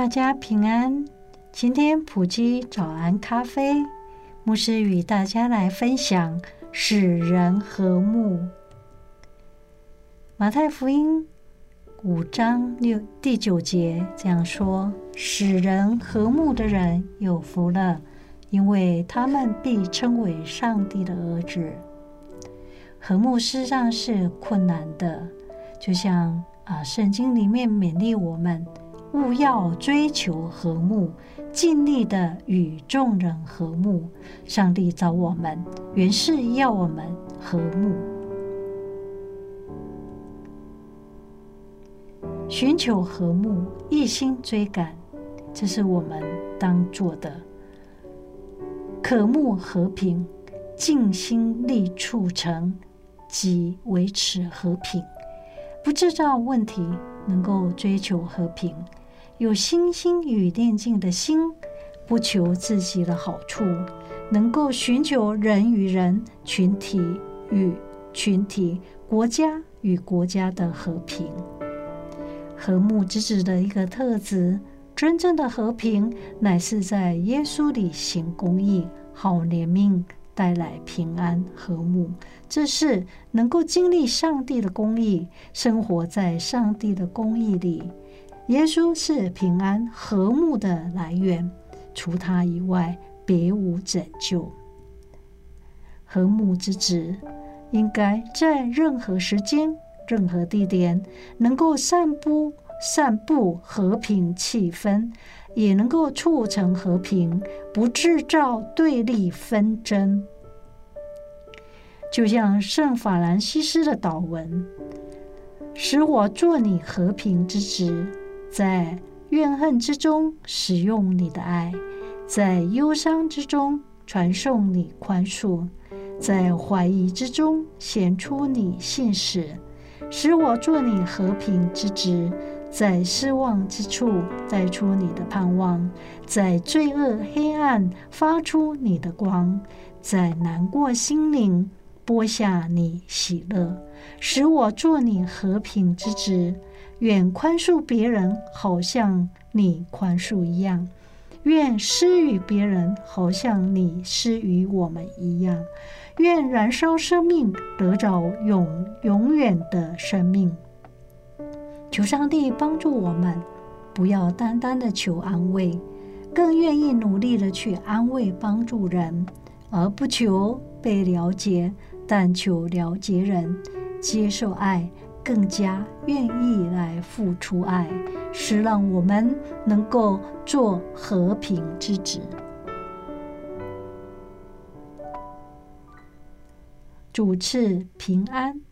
大家平安，今天埔基早安咖啡牧師與大家來分享使人和睦。馬太福音五章六第九節這樣說：“使人和睦的人有福了，因為他們必稱為上帝的兒子。”和睦事實上是困難的，就像啊，聖經裡面勉勵我們。務要追求和睦，盡力的與眾人和睦。上帝造我們，原是要我們和睦。尋求和睦，一心追趕，這是我們當做的。渴慕和平，盡心力促成及維持和平，不制造問題，能夠追求和平。有星心與電競的心，不求自己的好處，能夠尋求人與人、群體與群體、國家與國家的和平、和睦之子的一個特質。真正的和平，乃是在耶穌裡行公義、好憐憫，帶來平安和睦。這是能夠經歷上帝的公義，生活在上帝的公義裡。耶穌是平安和睦的來源，除他以外，別無拯救。和睦之子應該在任何時間、任何地點，能夠散布散布和平氣氛，也能夠促成和平，不製造對立紛爭。就像聖法蘭西斯的禱文：“使我做你和平之子。在怨恨之中使用你的愛，在憂傷之中傳送你寬恕，在懷疑之中顯出你信實，使我做你和平之子。在失望之處帶出你的盼望，在罪惡黑暗發出你的光，在難過心靈。播下你喜樂，使我做你和平之子。願寬恕別人，好像你寬恕一樣；願施予別人，好像你施予我們一樣；願燃燒生命，得着永永遠的生命。求上帝幫助我們，不要單單的求安慰，更願意努力的去安慰幫助人，而不求被了解。但求了解人，接受愛，更加願意來付出愛，是讓我們能夠做和平之子。主賜平安。